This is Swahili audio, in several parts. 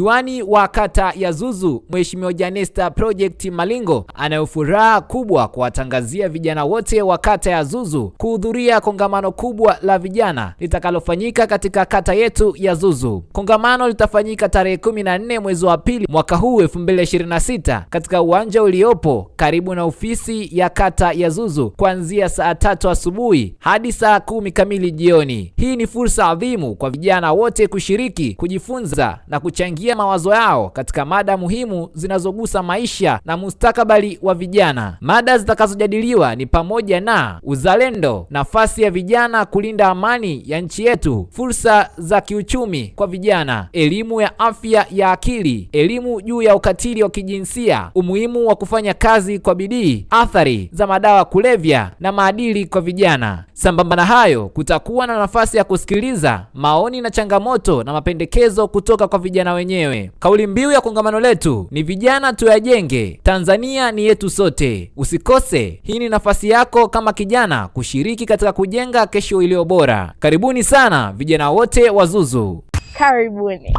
Diwani wa kata ya Zuzu Mheshimiwa Janesta Project Malingo anayo furaha kubwa kuwatangazia vijana wote wa kata ya Zuzu kuhudhuria kongamano kubwa la vijana litakalofanyika katika kata yetu ya Zuzu. Kongamano litafanyika tarehe 14 mwezi wa pili mwaka huu 2026 katika uwanja uliopo karibu na ofisi ya kata ya Zuzu kuanzia saa tatu asubuhi hadi saa kumi kamili jioni. Hii ni fursa adhimu kwa vijana wote kushiriki, kujifunza na kuchangia kuchangia mawazo yao katika mada muhimu zinazogusa maisha na mustakabali wa vijana. Mada zitakazojadiliwa ni pamoja na uzalendo, nafasi ya vijana kulinda amani ya nchi yetu, fursa za kiuchumi kwa vijana, elimu ya afya ya akili, elimu juu ya ukatili wa kijinsia, umuhimu wa kufanya kazi kwa bidii, athari za madawa kulevya na maadili kwa vijana. Sambamba na hayo, kutakuwa na nafasi ya kusikiliza maoni na changamoto na mapendekezo kutoka kwa vijana wenyewe wenyewe. Kauli mbiu ya kongamano letu ni vijana tuyajenge, Tanzania ni yetu sote. Usikose, hii ni nafasi yako kama kijana kushiriki katika kujenga kesho iliyo bora. Karibuni sana vijana wote wa Zuzu, karibuni.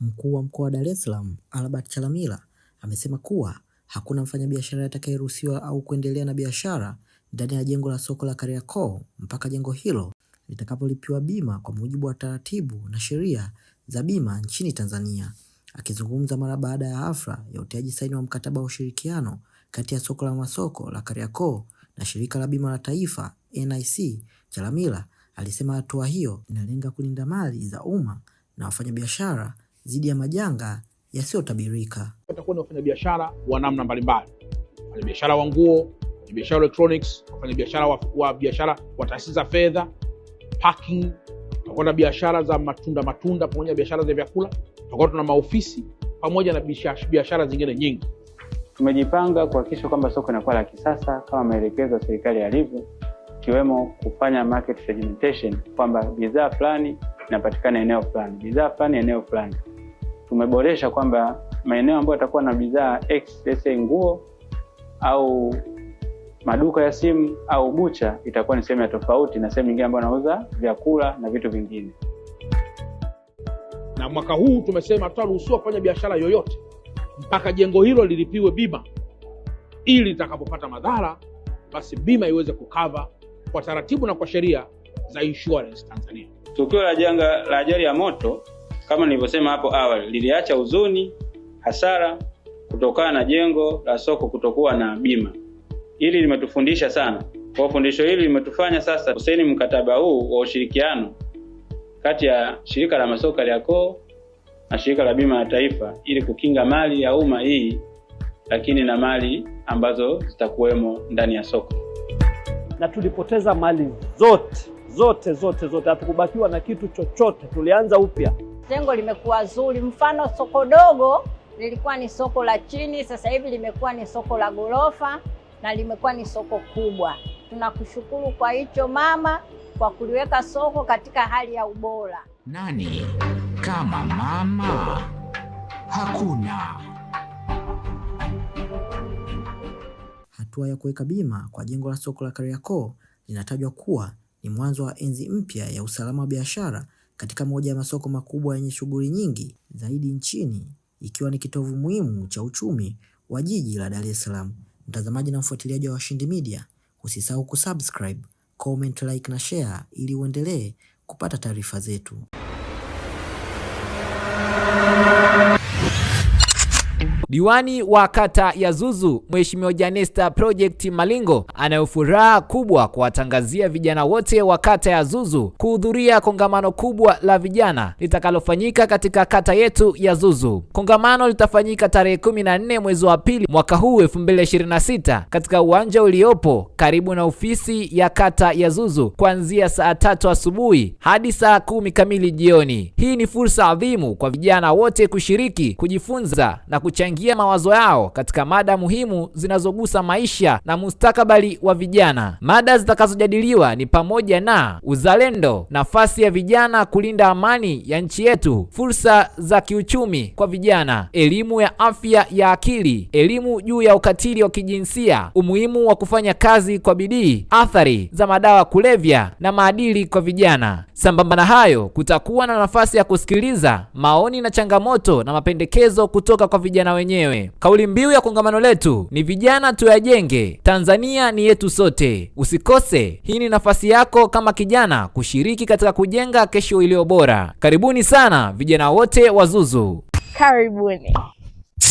Mkuu wa mkoa wa Dar es Salaam Albert Chalamila amesema kuwa hakuna mfanyabiashara atakayeruhusiwa au kuendelea na biashara ndani ya jengo la soko la Kariakoo mpaka jengo hilo litakapolipiwa bima kwa mujibu wa taratibu na sheria za bima nchini Tanzania. Akizungumza mara baada ya hafla ya utiaji saini wa mkataba wa ushirikiano kati ya soko la masoko la Kariakoo na shirika la bima la taifa NIC Chalamila, alisema hatua hiyo inalenga kulinda mali za umma na wafanyabiashara dhidi ya majanga yasiyotabirika. Watakuwa ni wafanyabiashara wa namna mbalimbali, wafanyabiashara wa nguo, wafanyabiashara electronics, wafanyabiashara wa biashara wa taasisi za fedha, parking tutakuwa na biashara za matunda matunda pamoja na biashara za vyakula, tutakuwa tuna maofisi pamoja na biashara zingine nyingi. Tumejipanga kuhakikisha kwamba soko linakuwa la kisasa kama maelekezo ya serikali yalivyo, ikiwemo kufanya market segmentation kwamba bidhaa fulani inapatikana eneo fulani, bidhaa fulani eneo fulani. Tumeboresha kwamba maeneo ambayo yatakuwa na bidhaa x, nguo au maduka ya simu au bucha itakuwa ni sehemu ya tofauti na sehemu nyingine ambayo anauza vyakula na vitu vingine. Na mwaka huu tumesema tutaruhusiwa kufanya biashara yoyote mpaka jengo hilo lilipiwe bima, ili litakapopata madhara basi bima iweze kukava kwa taratibu na kwa sheria za insurance Tanzania. Tukio la janga la ajali ya moto kama nilivyosema hapo awali liliacha huzuni, hasara kutokana na jengo la soko kutokuwa na bima. Hili limetufundisha sana. Kwa fundisho hili limetufanya sasa kuseni mkataba huu wa ushirikiano kati ya shirika la masoka Kariakoo na shirika la bima ya taifa ili kukinga mali ya umma hii, lakini na mali ambazo zitakuwemo ndani ya soko. Na tulipoteza mali zote zote zote zote, hatukubakiwa na kitu chochote. Tulianza upya, jengo limekuwa zuri. Mfano soko dogo lilikuwa ni soko la chini, sasa hivi limekuwa ni soko la ghorofa na limekuwa ni soko kubwa. Tunakushukuru kwa hicho mama, kwa kuliweka soko katika hali ya ubora. Nani kama mama? Hakuna. Hatua ya kuweka bima kwa jengo la soko la Kariakoo linatajwa kuwa ni mwanzo wa enzi mpya ya usalama wa biashara katika moja ya masoko makubwa yenye shughuli nyingi zaidi nchini, ikiwa ni kitovu muhimu cha uchumi wa jiji la Dar es Salaam. Mtazamaji na mfuatiliaji wa Washindi Media, usisahau kusubscribe, comment, like na share ili uendelee kupata taarifa zetu. Diwani wa kata ya Zuzu Mheshimiwa Janesta Project Malingo anayo furaha kubwa kuwatangazia vijana wote wa kata ya Zuzu kuhudhuria kongamano kubwa la vijana litakalofanyika katika kata yetu ya Zuzu. Kongamano litafanyika tarehe 14 mwezi wa pili mwaka huu 2026 katika uwanja uliopo karibu na ofisi ya kata ya Zuzu kuanzia saa tatu asubuhi hadi saa kumi kamili jioni. Hii ni fursa adhimu kwa vijana wote kushiriki, kujifunza na kuchangia kuchangia mawazo yao katika mada muhimu zinazogusa maisha na mustakabali wa vijana. Mada zitakazojadiliwa ni pamoja na uzalendo, nafasi ya vijana kulinda amani ya nchi yetu, fursa za kiuchumi kwa vijana, elimu ya afya ya akili, elimu juu ya ukatili wa kijinsia, umuhimu wa kufanya kazi kwa bidii, athari za madawa kulevya na maadili kwa vijana. Sambamba na hayo, kutakuwa na nafasi ya kusikiliza maoni na changamoto na mapendekezo kutoka kwa vijana wenyewe wenyewe. Kauli mbiu ya kongamano letu ni vijana tuyajenge, Tanzania ni yetu sote. Usikose, hii ni nafasi yako kama kijana kushiriki katika kujenga kesho iliyo bora. Karibuni sana vijana wote wa Zuzu, karibuni.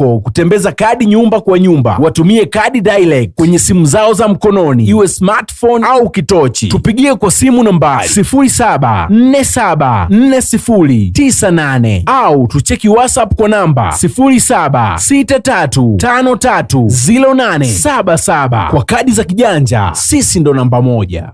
yako kutembeza kadi nyumba kwa nyumba. Watumie kadi dialect kwenye simu zao za mkononi, iwe smartphone au kitochi. Tupigie kwa simu nambari 07474098 au tucheki WhatsApp kwa namba 0763530877. Kwa kadi za kijanja, sisi ndo namba moja.